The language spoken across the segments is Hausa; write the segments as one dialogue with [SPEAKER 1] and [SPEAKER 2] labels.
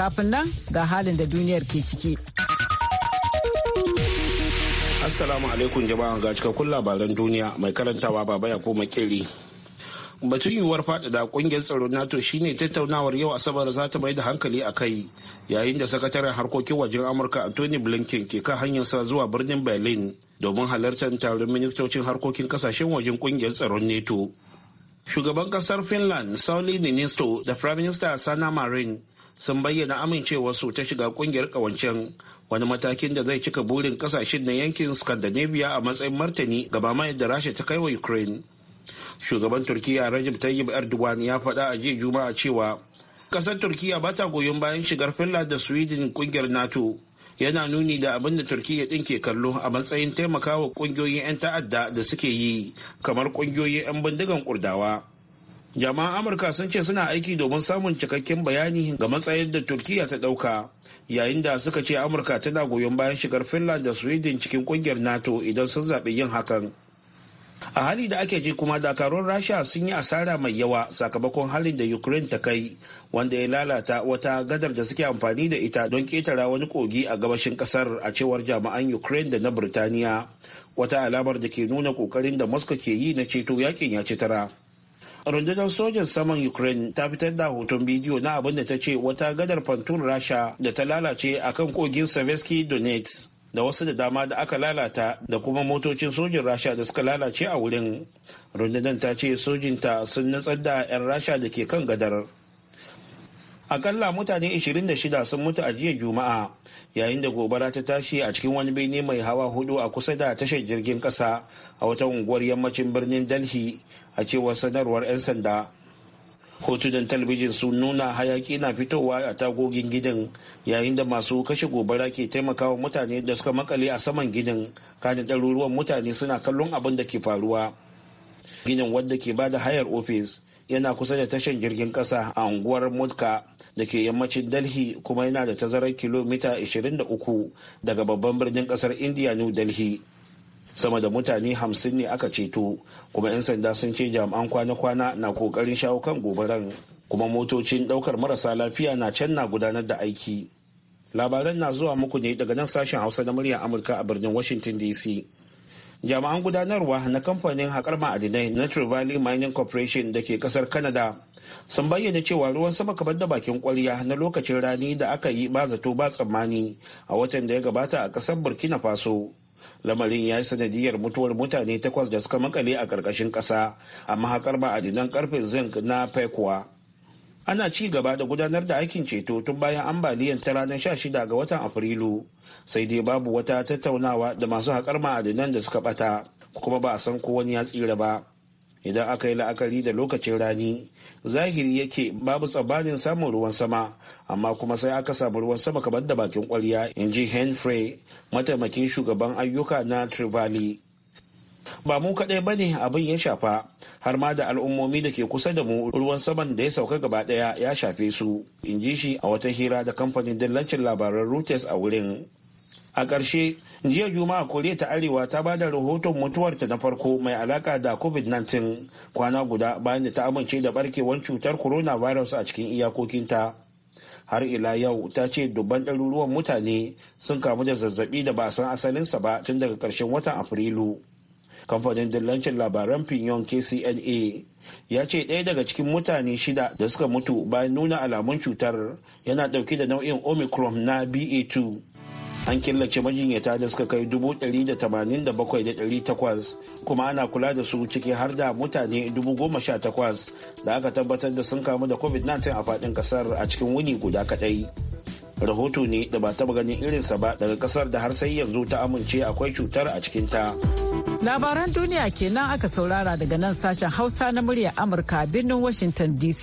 [SPEAKER 1] kafin nan ga halin da duniyar ke ciki.
[SPEAKER 2] Assalamu alaikum jama'a ga cikakkun labaran duniya mai karantawa baba ya koma kiri. Batun yiwuwar faɗaɗa ƙungiyar tsaro NATO shine tattaunawar yau Asabar za ta mai da hankali a kai yayin da sakataren harkokin wajen Amurka Anthony Blinken ke kan hanyar sa zuwa birnin Berlin domin halartar taron ministocin harkokin kasashen wajen ƙungiyar tsaron NATO. Shugaban kasar Finland Sauli Ninisto da Prime Minister Sanna Marin sun bayyana amincewarsu ta shiga kungiyar kawancen wani matakin da zai cika burin kasashen na yankin scandinavia a matsayin martani gaba mayar da rasha ta kaiwa ukraine shugaban turkiya rajab tayyip erdogan ya faɗa a jiya juma'a cewa ƙasar turkiya ba ta goyon bayan shigar finland da sweden kungiyar nato yana nuni da abin da turkiya ɗin ke kallo a matsayin taimakawa kungiyoyin 'yan ta'adda da suke yi kamar kungiyoyin 'yan bindigan kurdawa jama'an amurka sun ce suna aiki domin samun cikakken bayani ga matsayin da turkiya ta dauka yayin da suka ce amurka tana goyon bayan shigar finland da sweden cikin kungiyar nato idan sun zaɓi yin hakan a hali da ake ji kuma dakarun rasha sun yi asara mai yawa sakamakon halin da ukraine ta kai wanda ya lalata wata gadar da suke amfani da ita don ketara wani kogi a gabashin kasar a cewar jami'an ukraine da na birtaniya wata alamar da ke nuna kokarin da moscow ke yi na ceto yakin ya ci tara rundunar sojan saman ukraine ta fitar da hoton bidiyo na abin da ta ce wata gadar fantun rasha da ta lalace a kan kogin saveski donetsk da wasu da dama da aka lalata da kuma motocin sojin rasha da suka lalace a wurin rundunar ta ce sojinta sun nutsar da 'yan rasha da ke kan gadar akalla mutane 26 sun mutu a jiya juma'a yayin da gobara ta tashi a cikin wani bene mai hawa hudu a kusa da tashar jirgin kasa a wata unguwar yammacin birnin delhi a cewar sanarwar 'yan sanda hotunan talabijin sun nuna hayaki na fitowa a tagogin gidan yayin da masu kashe gobara ke taimakawa mutane da suka makale a saman gidan kanin ɗaruruwan mutane suna kallon abin da ke faruwa ginin wadda ke bada hayar ofis yana kusa da tashar jirgin ƙasa a unguwar mutka da ke yammacin delhi kuma yana da tazarar kilomita 23 daga babban birnin ƙasar india new delhi sama da mutane hamsin ne aka ceto kuma 'yan sanda sun ce jami'an kwana-kwana na kokarin shawo kan gobaran kuma motocin daukar marasa lafiya na can na gudanar da aiki labaran na zuwa muku ne daga nan sashen hausa na muryar amurka a birnin washington dc jami'an gudanarwa na kamfanin haƙar ma'adinai na Valley Mining Corporation da ke ƙasar Canada sun bayyana cewa ruwan sama kamar da bakin kwarya na lokacin rani da aka yi ba zato ba tsammani a watan da ya gabata a ƙasar Burkina Faso lamarin ya yi sanadiyar mutuwar mutane takwas da suka makale a ƙarƙashin ƙasa a mahakar ma'adinan karfin zinc na fekuwa. ana ci gaba da gudanar da aikin ceto tun bayan ambaliyan ta ranar 16 ga watan afrilu sai dai babu wata tattaunawa da masu haƙar ma'adinan da suka ɓata kuma ba a san ko wani ya tsira ba idan aka yi la'akari da lokacin rani zahiri yake babu tsabanin samun ruwan sama amma kuma sai aka samu ruwan sama kamar da bakin kwarya in ji henfrey mataimakin shugaban ayyuka na trivali ba mu kadai bane abin ya shafa har ma da al'ummomi da ke kusa da mu ruwan saman da ya sauka gaba daya ya shafe su in ji shi a wata hira da kamfanin dillancin labaran reuters a wurin a ƙarshe jiya juma'a koriya ta arewa ta ba da rahoton mutuwarta na farko mai alaka da covid-19 kwana guda bayan da ta amince da barkewar cutar coronavirus a cikin iyakokinta har ila yau ta ce dubban ɗaruruwan mutane sun kamu da zazzabi da ba san asalinsa ba tun daga ƙarshen watan afrilu kamfanin dillancin labaran pinyon kcna ya ce ɗaya daga cikin mutane shida da suka mutu bayan nuna alamun cutar yana ɗauke da nau'in omicron na ba2 an killace majinyata da suka kai 187,800 kuma ana kula da su ciki har da mutane 18,000 da aka tabbatar da sun kamu da covid-19 a fadin kasar a cikin wuni guda kadai rahoto ne da ba ba ganin irinsa ba daga kasar da har sai yanzu ta amince akwai cutar a cikin ta.
[SPEAKER 1] labaran duniya kenan aka saurara daga nan sashen hausa na muryar amurka birnin washington dc.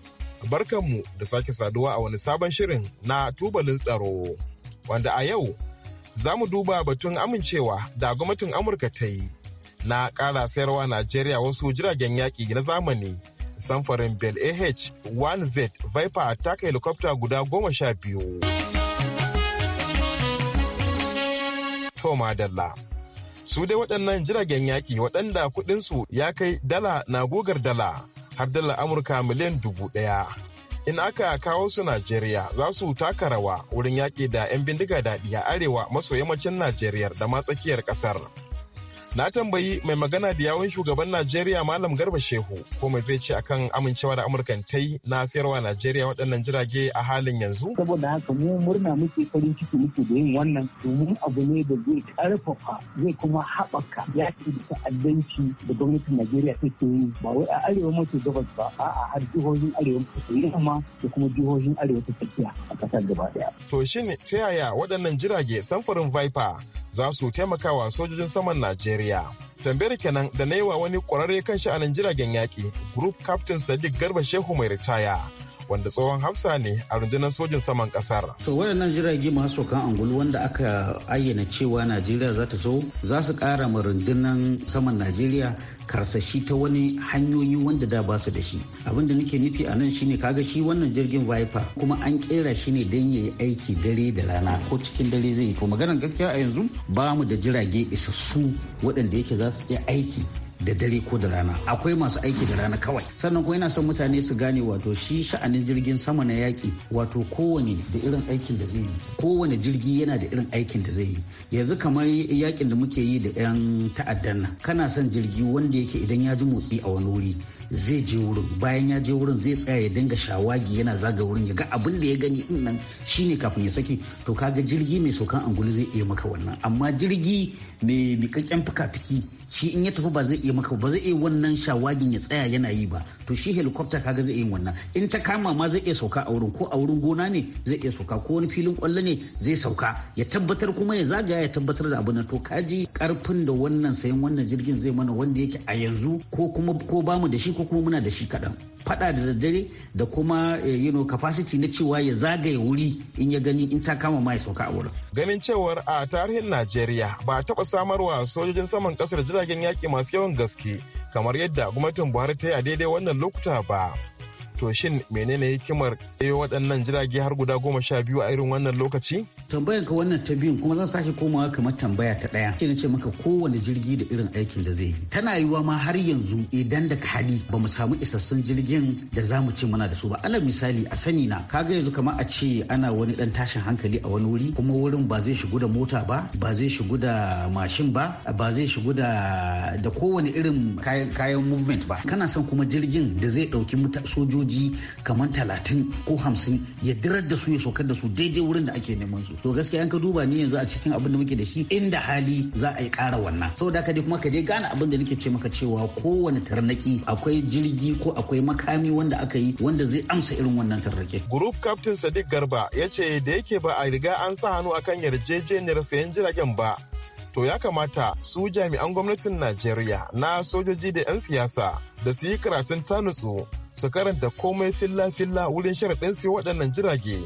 [SPEAKER 3] barkanmu da sake saduwa a wani sabon shirin na tubalin tsaro wanda a yau za mu duba batun amincewa da gwamnatin amurka ta yi na ƙara sayarwa najeriya wasu jiragen yaƙi na zamani samfarin bel ah 1z viper taka helicopter guda goma sha biyu dala Su dai waɗannan jiragen yaƙi waɗanda kuɗinsu ya kai dala na gogar dala har amurka miliyan dubu ɗaya in aka kawo su najeriya za su taka rawa wurin yaƙi da 'yan bindiga daɗi a arewa maso yammacin najeriya da ma tsakiyar ƙasar Na tambayi mai magana da yawon shugaban Najeriya Malam Garba Shehu ko mai zai ce akan amincewa da Amurkan ta yi na sayarwa Najeriya waɗannan jirage a halin yanzu. Saboda haka mu murna muke farin ciki muke da yin wannan domin abu ne da zai karfafa
[SPEAKER 4] zai kuma haɓaka ya ce da ta'addanci da gwamnatin Najeriya ta ke yi ba wai a arewa mace
[SPEAKER 5] gabas ba a har jihohin arewa maso yamma da kuma jihohin arewa ta tsakiya a ƙasar
[SPEAKER 3] gaba ɗaya. To shin ta yaya waɗannan jirage samfurin Viper za su taimakawa sojojin saman Najeriya Nigeria. Tambayar kenan da na yi wa wani kwararre kan sha'anin jiragen yaƙi, Group Captain Sadiq Garba Shehu mai ritaya. wanda tsohon hafsa ne a rundunar sojin saman kasar.
[SPEAKER 4] To waɗannan jirage masu sokan angulu wanda aka ayyana cewa Najeriya za ta so za su ƙara ma rundunar saman Najeriya karsashi ta wani hanyoyi wanda da ba su da shi. Abin da nake nufi a nan shine kaga shi wannan jirgin Viper kuma an kera shi ne don yayi aiki dare da rana ko cikin dare zai yi. To maganar gaskiya a yanzu ba mu da jirage isassu waɗanda yake za su iya aiki da dare ko da rana akwai masu aiki da rana kawai sannan kuma yana son mutane su gane wato shi sha'anin jirgin sama na yaki wato kowane da irin aikin da zai yi kowane jirgi yana da irin aikin da zai yi yanzu kamar yakin da muke yi da 'yan ta'addan nan kana son jirgi wanda yake idan ya ji motsi a wani wuri zai je wurin bayan ya je wurin zai tsaya ya dinga shawagi yana zaga wurin ya ga abin da ya gani din nan shine kafin ya saki to kaga jirgi mai saukan angulu zai iya maka wannan amma jirgi mai mikakken fikafiki fiki shi in ya tafi ba zai iya maka ba zai iya wannan shawagin ya tsaya yana yi ba to shi helicopter kaga zai iya wannan in ta kama ma zai iya sauka a wurin ko a wurin gona ne zai iya sauka ko wani filin kwallo ne zai sauka ya tabbatar kuma ya zaga ya tabbatar da abin to kaji karfin da wannan sayan wannan jirgin zai mana wanda yake a yanzu ko kuma ko bamu da shi ko kuma muna da shi kaɗan faɗa da daddare da kuma eh, you capacity na cewa ya zagaye wuri in ya gani in ta kama ma ya sauka a wurin
[SPEAKER 3] ganin cewar a tarihin najeriya ba a taɓa samarwa sojojin saman ƙasar jiragen yaƙi masu yawan gaske kamar yadda gwamnatin buhari ta yi a daidai wannan lokuta ba to shin menene hikimar ɗaya waɗannan jirage har guda goma sha biyu a irin wannan lokaci tambayan ka wannan ta biyun kuma zan sake komawa kamar tambaya ta daya ke ce maka
[SPEAKER 4] kowane jirgi da irin aikin da zai yi tana yiwuwa ma har yanzu idan da hali ba mu samu isassun jirgin da za mu ce muna da su ba alal misali a sani na kaga yanzu kamar a ce ana wani dan tashin hankali a wani wuri kuma wurin ba zai shigo da mota ba ba zai shigo da mashin ba ba zai shigo da da kowane irin kayan kayan movement ba kana son kuma jirgin da zai ɗauki sojoji kamar talatin ko hamsin ya dirar da su ya saukar da su daidai wurin da ake neman su to gaskiya in ka duba ni yanzu a cikin abin da muke da shi inda hali za a yi kara wannan saboda haka dai kuma ka je gane abin da nake ce maka cewa kowane tarnaki akwai jirgi ko akwai makami wanda aka yi wanda zai amsa irin wannan tarnaki.
[SPEAKER 3] Group Captain Sadiq Garba ya ce da yake ba a riga an sa hannu akan yarjejeniyar sayan jiragen ba to ya kamata su jami'an gwamnatin Najeriya na sojoji da 'yan siyasa da su yi karatun tanutsu su karanta komai filla-filla wurin sharaɗin su waɗannan jirage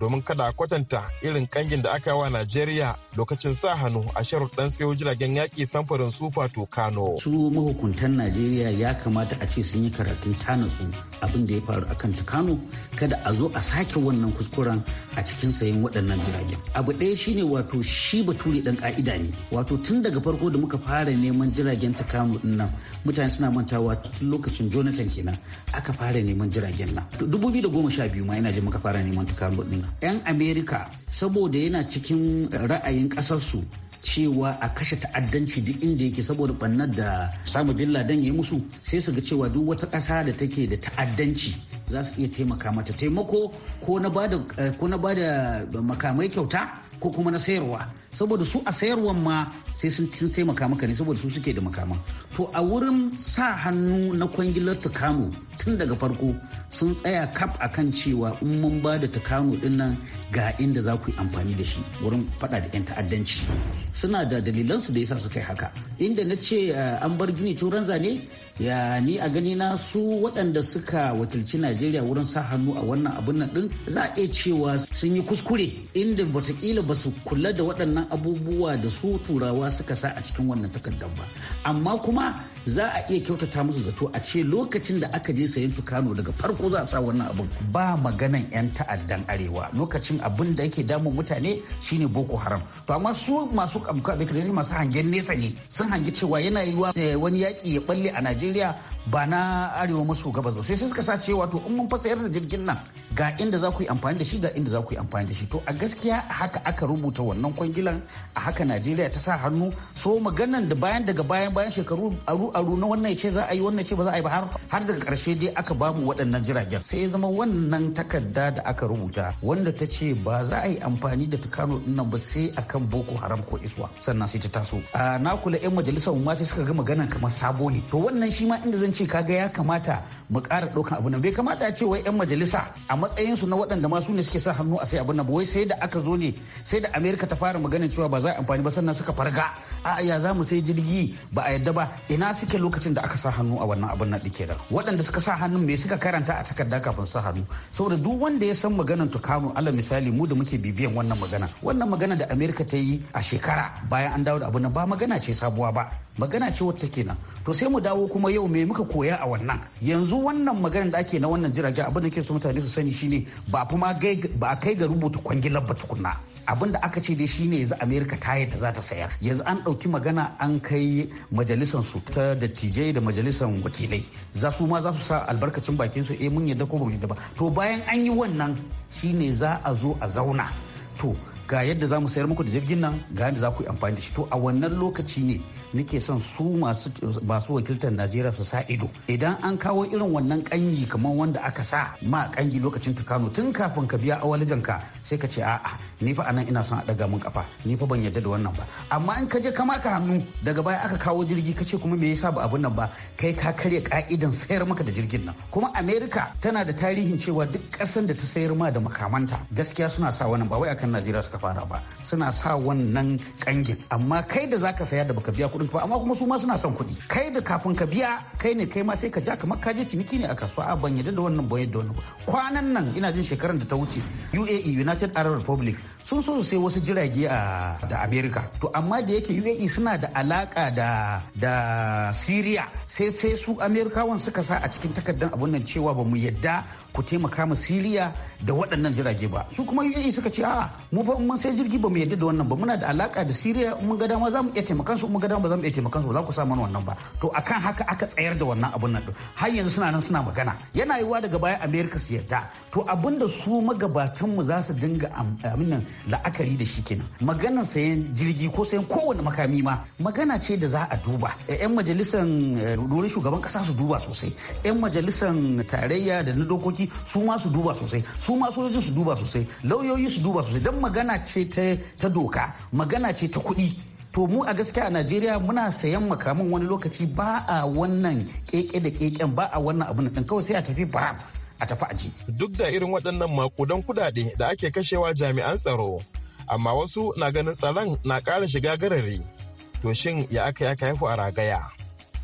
[SPEAKER 3] domin kada a kwatanta irin kangin da aka yi wa Najeriya lokacin sa hannu a sharuɗan sayo jiragen yaƙi samfurin sufa Kano.
[SPEAKER 4] Su mahukuntan Najeriya ya kamata a ce sun yi karatun tanatsu abin da ya faru akan kanta Kano kada a zo a sake wannan kuskuren a cikin sayen waɗannan jiragen. Abu ɗaya shine wato shi bature dan ka'ida ne wato tun daga farko da muka fara neman jiragen ta Kano ɗin nan mutane suna mantawa tun lokacin Jonathan kenan aka fara neman jiragen nan. goma 2012 ma ina ji muka fara neman ta Kano ɗin 'yan amerika saboda yana cikin ra'ayin ƙasarsu cewa a kashe ta'addanci duk inda yake saboda bannar da samu bin laden ya musu sai su ga cewa duk wata ƙasa da take da ta'addanci za su iya taimaka mata taimako ko na eh, da makamai kyauta ko kuma na sayarwa saboda su a sayarwan ma sai sun taimaka maka ne saboda su suke da makaman to a wurin sa hannu na kwangilar takano tun daga farko sun tsaya kaf akan cewa in mun ba da takano din nan ga inda za ku yi amfani da shi wurin fada da 'yan ta'addanci suna da dalilansu da yasa su kai haka inda na ce ah, an bar gini tun ranza ne ya ni a gani na su waɗanda suka wakilci najeriya wurin sa hannu a wannan abun nan din za a iya cewa sun yi kuskure inda batakila ba su kula da waɗannan abubuwa da su turawa suka sa a cikin wannan takardar ba amma kuma za a iya kyautata musu zato a ce lokacin da aka je sayan tukano daga farko za a sa wannan abun ba maganan 'yan ta'addan arewa lokacin abin da yake damun mutane shine boko haram to amma su masu da masu hangen nesa ne sun hangi cewa yana yiwa eh, wani yaki ya balle a najeriya ba na arewa maso gabas ba sai suka sa cewa to in mun fasa da jirgin nan ga inda za ku yi amfani da shi ga inda za ku yi amfani da shi to a gaskiya haka aka rubuta wannan kwangilan a haka najeriya ta sa hannu so maganan da bayan daga bayan bayan shekaru aro na wannan ce za a yi wannan ce ba za a yi ba har daga karshe dai aka bamu waɗannan jiragen sai ya zama wannan takarda da aka rubuta wanda ta ce ba za a yi amfani da tukano din nan ba sai akan boko haram ko iswa sannan sai ta taso a na kula yan majalisar ma sai suka ga magana kamar sabo ne to wannan shi ma inda zan ce kaga ya kamata mu kara ɗaukan abu nan bai kamata a ce wai yan majalisa a matsayin su na waɗanda ma su ne suke sa hannu a sai abin nan ba wai sai da aka zo ne sai da amerika ta fara maganin cewa ba za a yi amfani ba sannan suka farga a'a ya za mu sai jirgi ba a yadda ba ina su suke lokacin da aka sa hannu a wannan abin dike kenan waɗanda suka sa hannu me suka karanta a takarda kafin sa hannu saboda duk wanda ya san maganar kamun alal misali mu da muke bibiyan wannan magana wannan magana da amerika ta yi a shekara bayan an dawo da abin nan ba magana ce sabuwa ba magana ce wata nan to sai mu dawo kuma yau me muka koya a wannan yanzu wannan maganar da ake na wannan jiragen abin da ke so mutane su sani shine ba kuma ba kai ga rubuta kwangilar ba tukunna abin da aka ce dai shine yanzu amerika ta yadda za ta sayar yanzu an ɗauki magana an kai majalisar su ta dattijai da majalisar wakilai za su ma za su sa albarkacin bakin su eh mun yadda ko ba mu yadda ba to bayan an yi wannan shine za a zo a zauna to ga yadda za mu sayar muku da jirgin nan ga yadda za ku yi amfani da shi to a wannan lokaci ne nake son su masu wakiltar najeriya su sa ido idan an kawo irin wannan kangi kamar wanda aka sa ma kangi lokacin tukano tun kafin ka biya awalijanka sai ka ce a'a ni fa anan ina son a daga mun kafa ni fa ban yadda da wannan ba amma in ka je ka hannu daga baya aka kawo jirgi ka ce kuma me yasa ba abun nan ba kai ka karya ka'idan sayar maka da jirgin nan kuma Amerika tana da tarihin cewa duk kasan da ta sayar ma da makamanta gaskiya suna sa wannan ba wai akan najeriya suka fara ba suna sa wannan kangin amma kai da zaka saya da baka biya kuɗin kuɗi amma kuma su ma suna son kuɗi kai da kafin ka biya kai ne kai ma sai ka ja kamar ka je ciniki ne a kasuwa a ban yadda da wannan ban yadda wannan kwanan nan ina jin shekaran da ta wuce UAE United Arab Republic sun so su sai wasu jirage a da america to amma da yake uae suna da alaka da da syria sai sai su amerikawan suka sa a cikin takardar abun nan cewa ba mu yadda ku taimaka mu syria da waɗannan jirage ba su kuma uae suka ce a mu fa mun sai jirgi ba mu yadda da wannan ba muna da alaka da Syria mun ga dama za mu iya taimakan su mun ga dama ba za mu iya taimakan su ba za ku sa mana wannan ba to akan haka aka tsayar da wannan abun nan har yanzu suna nan suna magana yana yiwa daga baya america su yadda to abinda su magabatan mu za su dinga aminan la'akari da shi kenan maganar sayan jirgi ko sayan kowane makami ma magana ce da za a duba yan eh, majalisar eh, wurin shugaban kasa su duba sosai yan majalisan tarayya da na dokoki su ma su duba sosai su ma sojojin su duba sosai lauyoyi su duba sosai don magana ce ta doka magana ce ta kuɗi to mu a gaskiya a najeriya muna sayan makaman wani lokaci ba a wannan keke da keken ba a wannan abin din kawai sai a tafi bara a tafi aji.
[SPEAKER 3] Duk da irin waɗannan makudan kuɗaɗe da ake kashewa jami'an tsaro, amma wasu na ganin tsaron na ƙara shiga garari. To shin ya aka aka haihu a ragaya?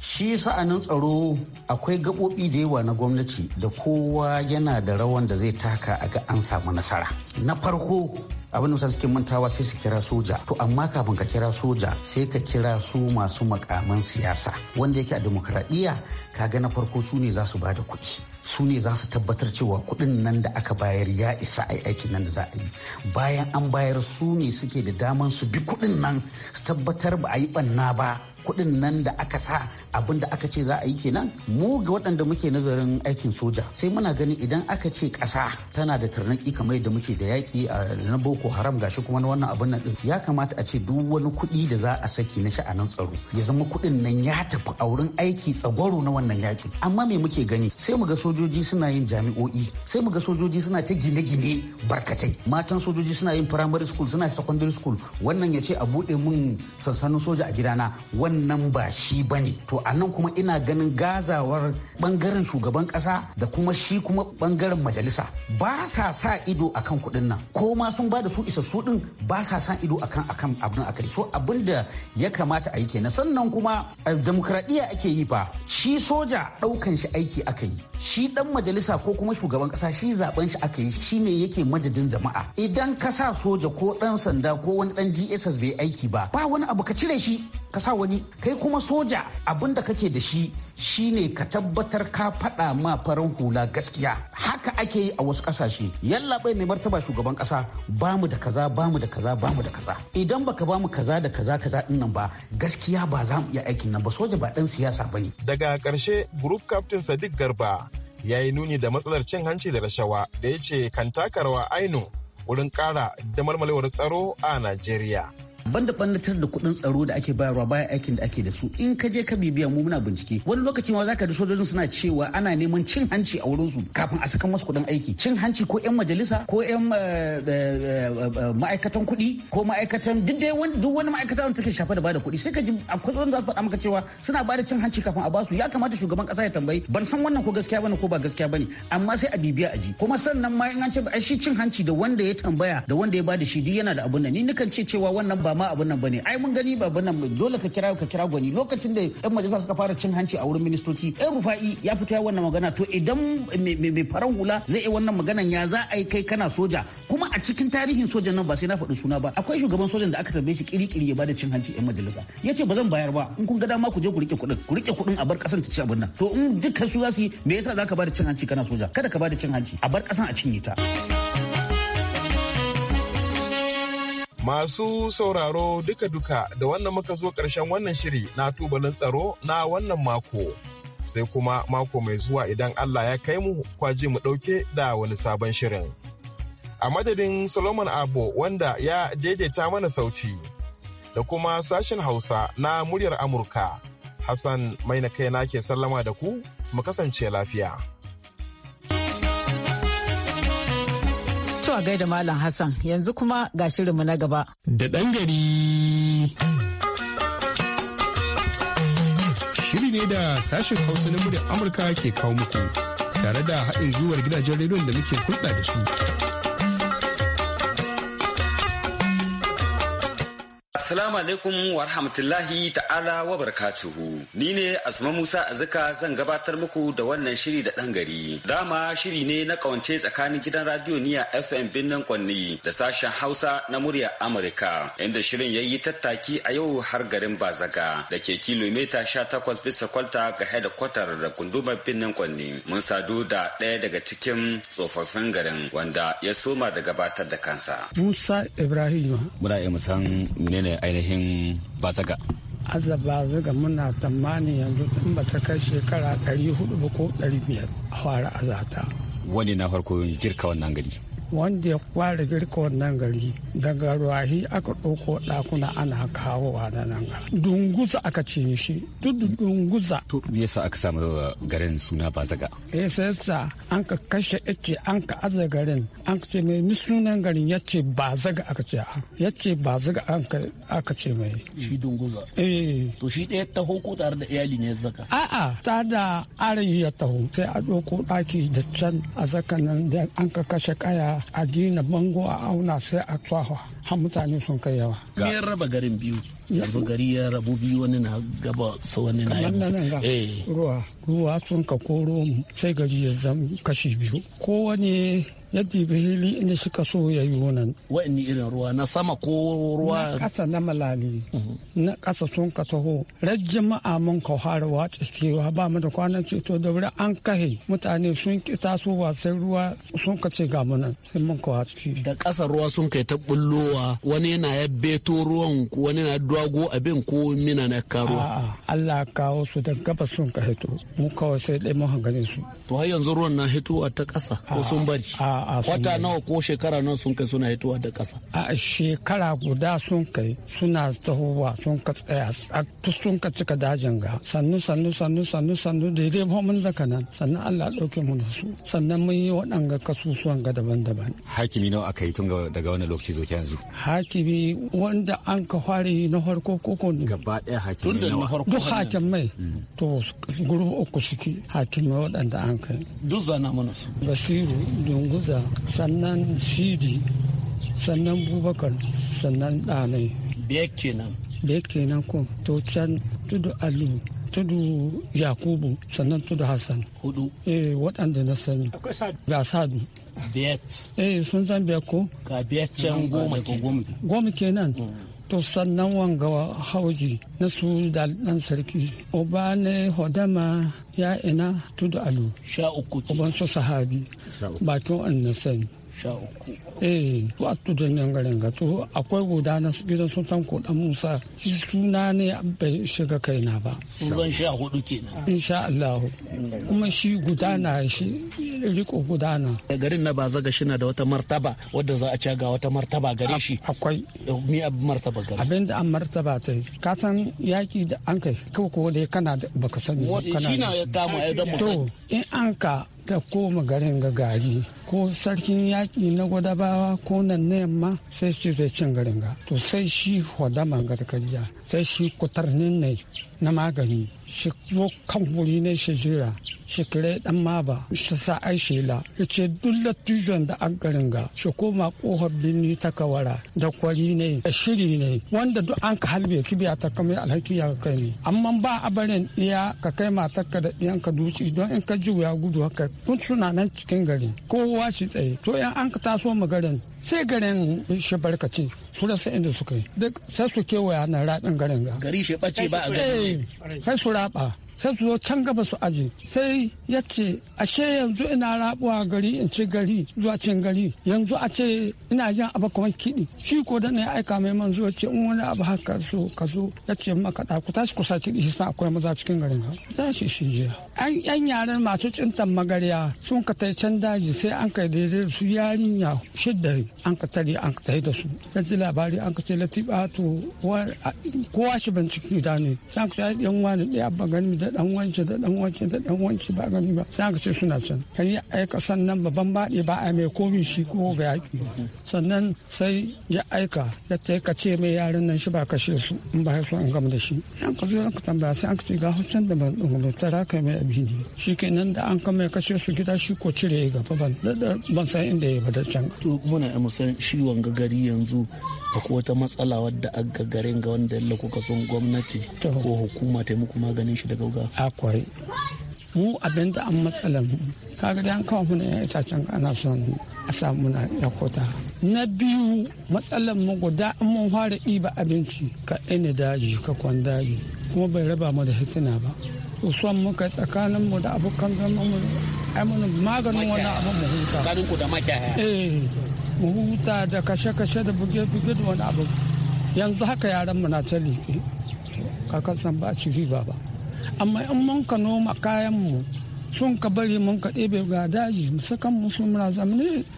[SPEAKER 4] Shi sa'anin tsaro akwai gaɓoɓi da yawa na gwamnati da kowa yana da rawan da zai taka a ga an samu nasara. Na farko abin da suke mantawa sai su kira soja to amma kafin ka kira soja sai ka kira su masu makaman siyasa wanda yake a ka ga na farko su ne za su ba kuɗi su ne za su tabbatar cewa kuɗin nan da aka bayar ya isa a aikin nan da za a yi bayan an bayar su ne suke da daman su bi kuɗin nan su tabbatar ba a yi ɓanna ba kudin nan da aka sa abin da aka ce za a yi kenan mu ga waɗanda muke nazarin aikin soja sai muna gani idan aka ce ƙasa tana da tarnaki kamar yadda muke da yaƙi a na boko haram gashi kuma na wannan abin nan din ya kamata a ce duk wani kuɗi da za a saki na sha'anin tsaro ya zama kuɗin nan ya tafi a wurin aiki tsagwaro na wannan yaƙi amma me muke gani sai mu ga sojoji suna yin jami'o'i sai mu ga sojoji suna ta gine-gine barkatai matan sojoji suna yin primary school suna secondary school wannan ya ce a buɗe mun sansanin soja a gidana wannan ba shi ba ne to a nan kuma ina ganin gazawar bangaren shugaban kasa da kuma shi kuma bangaren majalisa ba sa sa ido akan kuɗin nan ko ma sun ba da su isassu din ba sa sa ido akan akan abin akari so abin da ya kamata a yi kenan sannan kuma eh, demokradiyya ake yi ba shi soja ɗaukan shi aiki aka yi shi dan majalisa ko kuma shugaban kasa shi zaben shi aka yi ne yake madadin jama'a idan ka sa soja ko dan sanda ko wani dan DSS bai aiki ba ba wani abu ka cire shi ka sa wani kai kuma soja abinda kake da shi shine ka tabbatar ka faɗa ma farin hula gaskiya haka ake yi a wasu ƙasashe yallaɓai ne martaba shugaban ƙasa bamu da kaza bamu da kaza bamu da kaza idan baka bamu kaza da kaza kaza nan ba gaskiya ba za mu iya aikin nan ba soja ba ɗan siyasa bane
[SPEAKER 3] daga ƙarshe group captain sadiq garba ya yi nuni da matsalar cin hanci da rashawa da ya ce kan taka rawa aino wurin ƙara damalmalewar tsaro a najeriya
[SPEAKER 4] banda ɓannatar da kuɗin tsaro da ake bayarwa bayan aikin da ake da su in ka je ka bibiya mu muna bincike wani lokaci ma zaka ji sojojin suna cewa ana neman cin hanci a wurin su kafin a saka masu kuɗin aiki cin hanci ko yan majalisa ko yan eh, eh, eh, ma'aikatan kuɗi ko ma'aikatan duk dai duk wani ma'aikata wanda take shafa da bada kuɗi sai ka ji akwai wanda za su faɗa maka cewa suna bada cin hanci kafin a basu ya kamata shugaban kasa ya tambayi ban san wannan ko gaskiya bane ko ba gaskiya bane amma sai a bibiya a ji. kuma sannan ma in an ce ba shi cin hanci da wanda ya tambaya da wanda ya bada shi duk yana da abun nan ni ce cewa wannan ba ma abin nan bane ai mun gani ba abin nan dole ka kira ka kira gwani lokacin da yan majalisa suka fara cin hanci a wurin ministoci yan rufa'i ya fito ya wannan magana to idan mai farar hula zai yi wannan maganan ya za a yi kai kana soja kuma a cikin tarihin sojan nan ba sai na faɗi suna ba akwai shugaban sojan da aka tambaye shi kiri-kiri ya bada cin hanci yan majalisa ya ce ba zan bayar ba in kun ga dama ku je ku rike kuɗin ku rike kuɗin a bar ƙasan ta ci abin nan to in dukkan su za su yi me yasa za ka bada
[SPEAKER 3] cin hanci kana soja kada ka bada
[SPEAKER 4] cin hanci a bar ƙasan a cinye ta.
[SPEAKER 3] Masu sauraro duka-duka da wannan muka zo ƙarshen wannan shiri na tubalin tsaro na wannan mako. Sai kuma mako mai zuwa idan Allah ya kai mu kwaji mu ɗauke da wani sabon shirin. A madadin Solomon Abo wanda ya daidaita mana sauti da kuma sashen Hausa na muryar Amurka. Hassan mai na kai na ke sallama da ku mu kasance lafiya.
[SPEAKER 1] To a gaida Malam Hassan yanzu kuma ga shirinmu na gaba.
[SPEAKER 3] Da ɗan gari. Shiri ne da sashen Hausa na muryar Amurka ke kawo muku tare da haɗin gwiwar gidajen rediyon da muke hulɗa da su.
[SPEAKER 6] Assalamu alaikum wa rahmatullahi ta'ala wa barakatuhu. Ni ne Asma Musa Azuka zan gabatar muku da wannan shiri da ɗan gari. Dama shiri ne na kawance tsakanin gidan radio niya FM binnan Kwanni da sashen Hausa na murya Amurka. Inda shirin ya yi tattaki a yau har garin Bazaga da ke kilomita takwas bisa kwalta ga hedikwatar da gundumar binnan Kwanni. Mun sadu da ɗaya daga cikin tsofaffin garin wanda ya soma da gabatar da kansa.
[SPEAKER 7] Musa Ibrahim.
[SPEAKER 6] Muna iya musan ne. ainihin bazaga
[SPEAKER 7] Aza bazaga muna tsammanin yanzu tun ba ta kai shekara 400 ba ko 500 a fara azata
[SPEAKER 6] wani na farko girka wannan gari
[SPEAKER 7] wanda ya kware girka wannan gari daga ruwahi aka ɗauko ɗakuna ana kawowa na nan dunguza aka ce shi
[SPEAKER 6] duk dunguza to me yasa aka samu uh, garin suna bazaga
[SPEAKER 7] eh sai an ka kashe yake an ka aza garin an ka ce mai sunan garin yace bazaga aka ce yace bazaga an ka aka ce mai shi dunguza eh
[SPEAKER 5] to shi ɗaya taho ko tare da iyali ne zaka
[SPEAKER 7] a'a ta da arin ya taho sai a ɗauko ɗaki da can a zaka nan an ka kashe kaya kasa a gina bango a auna sai a tsawa har mutane sun kai yawa.
[SPEAKER 5] Me raba garin biyu? Yanzu gari ya rabu biyu wani na gaba su wani na yamma. Eh.
[SPEAKER 7] Ruwa, ruwa sun ka ko mu sai gari ya zama kashi biyu. Kowane ya bihili hili inda suka so ya yi wannan
[SPEAKER 5] wa'anni irin ruwa na sama ko ruwa na
[SPEAKER 7] kasa na malali mhm. na kasa sun ka taho rajin ma'a mun ka fara watsa cewa ba mu da kwanan ceto da wuri an kahe mutane sun ki wa sai ruwa sun ka ce ga mu nan sai mun ka watsa da kasa ruwa sun kai
[SPEAKER 5] ta bullowa wani yana ya beto ruwan wani na dwago abin ko mina na karo
[SPEAKER 7] Allah kawo su da gabas sun ka hito mu kawai sai dai mun hangarin su
[SPEAKER 5] to har yanzu ruwan na hitowa ta kasa ko sun bari A'a wata nawa ko shekara nan sun kai suna hitowa da kasa.
[SPEAKER 7] A shekara guda sun kai suna tahowa sun ka tsaya sun ka cika dajin ga sannu sannu sannu sannu sannu dai ba mun zaka nan sannan Allah ɗauke mu da su sannan mun yi waɗanga kasusuwan ga daban-daban.
[SPEAKER 6] Hakimi nawa aka yi tun daga wani lokaci zo yanzu.
[SPEAKER 7] Hakimi wanda an ka yi na farko ko. ne. Gaba ɗaya hakimi nawa. Duk hakimai mm. to guru uku suke hakimai waɗanda an kai.
[SPEAKER 5] Duk zana mana su.
[SPEAKER 7] Basiru Dunguza hamza sannan sidi sannan bubakar sannan Danai. biyar kenan biyar kenan ko to can tudu alu tudu yakubu sannan tudu hassan hudu eh waɗanda na sani ga sadu biyar eh sun san biyar ko ga biyar can goma kenan goma kenan mm. to sannan wanga hauji na su da dan sarki oba ne hodama ya ina tudu alu sha uku uban sahabi bakin annasani sha uku. Eh, wa tudun yan garin ga to akwai guda na gidan sultan ko dan Musa suna ne bai shiga kaina ba. Sun sha hudu kenan. Insha Allah. Kuma shi na shi riko na.
[SPEAKER 5] Garin na ba zaga shi na da wata martaba wadda za a ci ga wata martaba gare shi. Akwai. Mi ab martaba gare.
[SPEAKER 7] Abin da an martaba ta yi. Ka san yaki da an kai ko ko dai kana da baka sani. Shi na ya kama ya dan mu To in an ka ta koma garin ga gari. ko sarkin yaƙi na gwadabawa ko nan na yamma sai shi zai cin garin ga to sai shi hodaman gargajiya sai shi kutarnin ne na magani shi ko kan wuri ne shi jira shi kire dan ba shi sa ai shela ya ce duk da an garin ga shi koma kohar birni ta kawara da kwari ne da shiri ne wanda duk an ka halbe biya ta kamar alhaki ya kai ne amma ba a barin iya ka kai matarka da ɗiyanka dutse don in ka ji wuya gudu haka kun nan cikin gari kowa shi tsaye to yan an ka taso magarin sai garin shi barkaci su rasa inda suka yi duk sai su kewaya na rabin garin ga gari shi bace ba a gari har eh, su raba sai su zo can gaba su aje sai ya ce ashe yanzu ina rabuwa gari in ce gari zuwa can gari yanzu a ce ina jin abu kamar kiɗi shi ko da na aika mai man zuwa ce in wani abu haka so ka zo ya ce maka ku tashi kusa kiɗi shi sa akwai maza cikin garin ha za shi shi jiya an yan yaren masu cintan magarya sun ka tai can daji sai an kai daidai su yarinya shidda an ka tare an ka tai da su ya ji labari an ka ce latifa to kowa shi bincike da ne sai an ka yan wani ɗaya ba gani da dan wanke da dan wanke da dan wanke ba gani ba sai aka ce suna can kan yi aika sannan babban baɗi ba a mai komi shi ko ga yaƙi sannan sai ya aika ya ta ka ce mai yaran nan shi ba kashe su in ba su an gama da shi yan ka zo an ka tambaya sai an ka ce ga hussein da ban dungulo tara kai mai abini shi ke nan da an kama ya kashe su gida shi ko cire ya gaba ban ban san inda ya bada can. to muna musan shi wanga gari
[SPEAKER 5] yanzu akwai wata matsala wadda a garin ga wanda yalla kuka sun gwamnati ko
[SPEAKER 7] hukuma ta muku maganin shi da gauga akwai mu abin da an matsalar mu kaga da an kawo mu ne itacen ana son a samu na yakota na biyu matsalar mu guda an mun fara ɗiba abinci ka ina daji ka kwan daji kuma bai raba mu da hitina ba to son muka tsakanin mu da abokan zaman mu ai maganin wani abin mu huta
[SPEAKER 5] ku da makiyaya
[SPEAKER 7] eh. mu huta da kashe-kashe da buge-buge da wani abu yanzu haka yaran mu na ta liƙe kakan san ba ci riba ba amma in mun ka noma kayan mu sun ka bari mun ka ɗebe ga daji mu sakan mu sun muna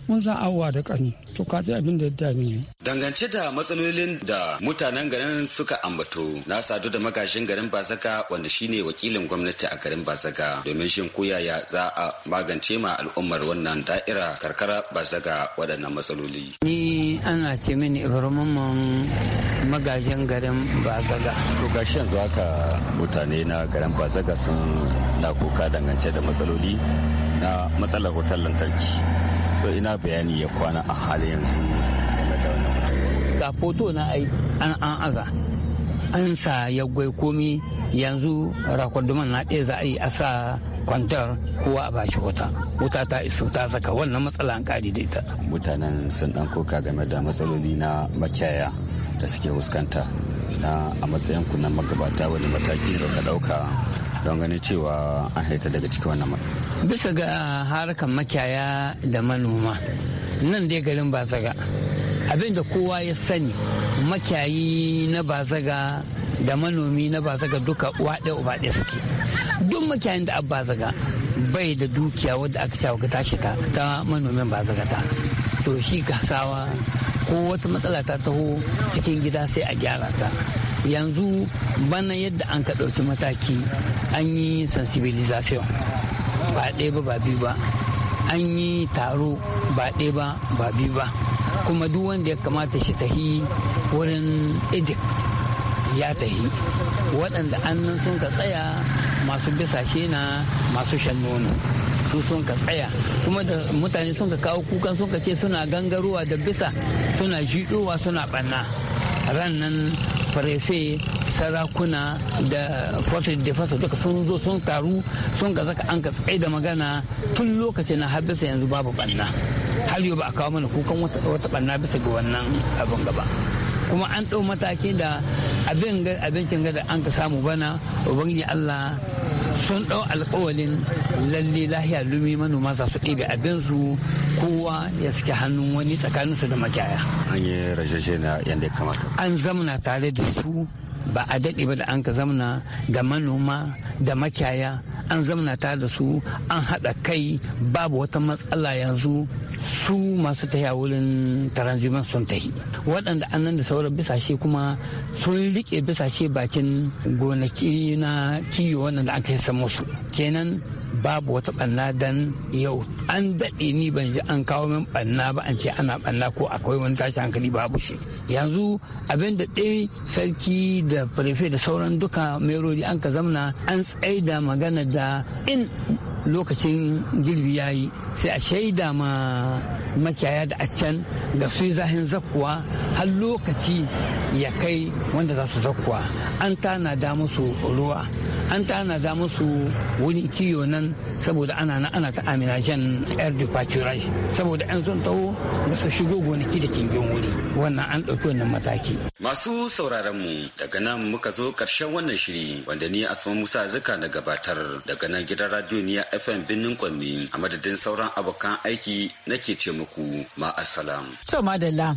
[SPEAKER 7] mun za da ƙani to ka abin da ya ne.
[SPEAKER 6] Dangance da matsalolin da mutanen garin suka ambato na sadu da magashin garin Basaka wanda shine wakilin gwamnati a garin Basaka domin shin koyaya za a magance ma al'ummar wannan da'ira karkara Basaka waɗannan matsaloli.
[SPEAKER 8] Ni ana ce mini Ibrahim magajin garin Basaka. To gashi yanzu haka
[SPEAKER 6] mutane na garin Basaka sun na kuka dangance da matsaloli na matsalar wutar lantarki to ina bayani ya kwana a halin yanzu
[SPEAKER 8] ga foto na ai an an aza an sa ya gwai komi yanzu rakonduman na ɗaya za a yi a sa kwantar kowa a bashi wuta wuta ta iso ta saka wannan matsala an kari da ita
[SPEAKER 6] mutanen sun dan koka game
[SPEAKER 8] da matsaloli
[SPEAKER 6] na makiyaya da suke fuskanta na a matsayin kunan magabata wani mataki da ka dauka don ganin cewa an haita daga cikin wannan
[SPEAKER 8] bisa ga harkar makiyaya da manoma nan dai garin bazaga abinda kowa ya sani makiyayi na bazaga da manomi na bazaga duka waɗe ɗaya suke duk makiyayin da abba bazaga bai da dukiya wadda aka cewa ga tashi ta manomin bazaga ta to shi gasawa ko wata matsala ta taho cikin gida sai a gyara ta yanzu bana yadda an ka ɗauki mataki an yi sensibilisation ba ɗaya ba ba biyu ba an yi taro ba ɗaya ba ba biyu ba kuma duk wanda ya kamata shi tahi wurin egypt ya tahi waɗanda annan sun ka tsaya masu bisashe na masu shan nono su sun ka tsaya kuma da mutane sun ka kawo kukan sun ka ce suna gangarowa da bisa suna jiɗowa suna ɓanna ran nan farefe sarakuna da forces de force duka sun zo sun taru sun ka zaka an ka tsaye da magana tun lokacin na bisa yanzu babu banna har yau ba a kawo mana kukan wata banna bisa ga wannan abin gaba kuma an ɗau mataki da abincin gada an ka samu bana ubangiji allah sun ɗau alkawalin lalle lahiya lumi manoma za su ɗebe abinsu kowa ya suke hannun wani tsakaninsu da makiyaya.
[SPEAKER 6] An yi rajajena yadda ya kamata.
[SPEAKER 8] An zamna tare da su ba a daɗe ba da an ka zamna da manoma da makiyaya an zamna tare da su an haɗa kai babu wata matsala yanzu su masu taya wurin taranziman sun tahi waɗanda annan da sauran bisashe kuma sun rike bisashe bakin gonaki na kiyo waɗanda aka yi samu su kenan babu wata banna dan yau an daɗe ni ban ji an kawo min banna ba an ce ana banna ko akwai wani tashi hankali babu shi yanzu abin da ɗaya sarki da prefe da sauran duka rodi an ka zamna an tsaida magana da in lokacin girbi ya yi sai a shaida ma makiyaya da a can ga su zahin zakuwa har lokaci ya kai wanda za su zakuwa an tana da musu ruwa an tanada musu wani kiyo nan saboda ana na ana ta aminajen yar dupaturai saboda yan sun taho da su shigo gonaki da kingin wuri wannan an ɗauki wannan mataki.
[SPEAKER 6] masu sauraron mu daga nan muka zo ƙarshen wannan shiri wanda ni asma musa zuka na gabatar daga nan gidan radio niya fm birnin kwanni a madadin sauran abokan aiki nake ce muku ma
[SPEAKER 1] to madalla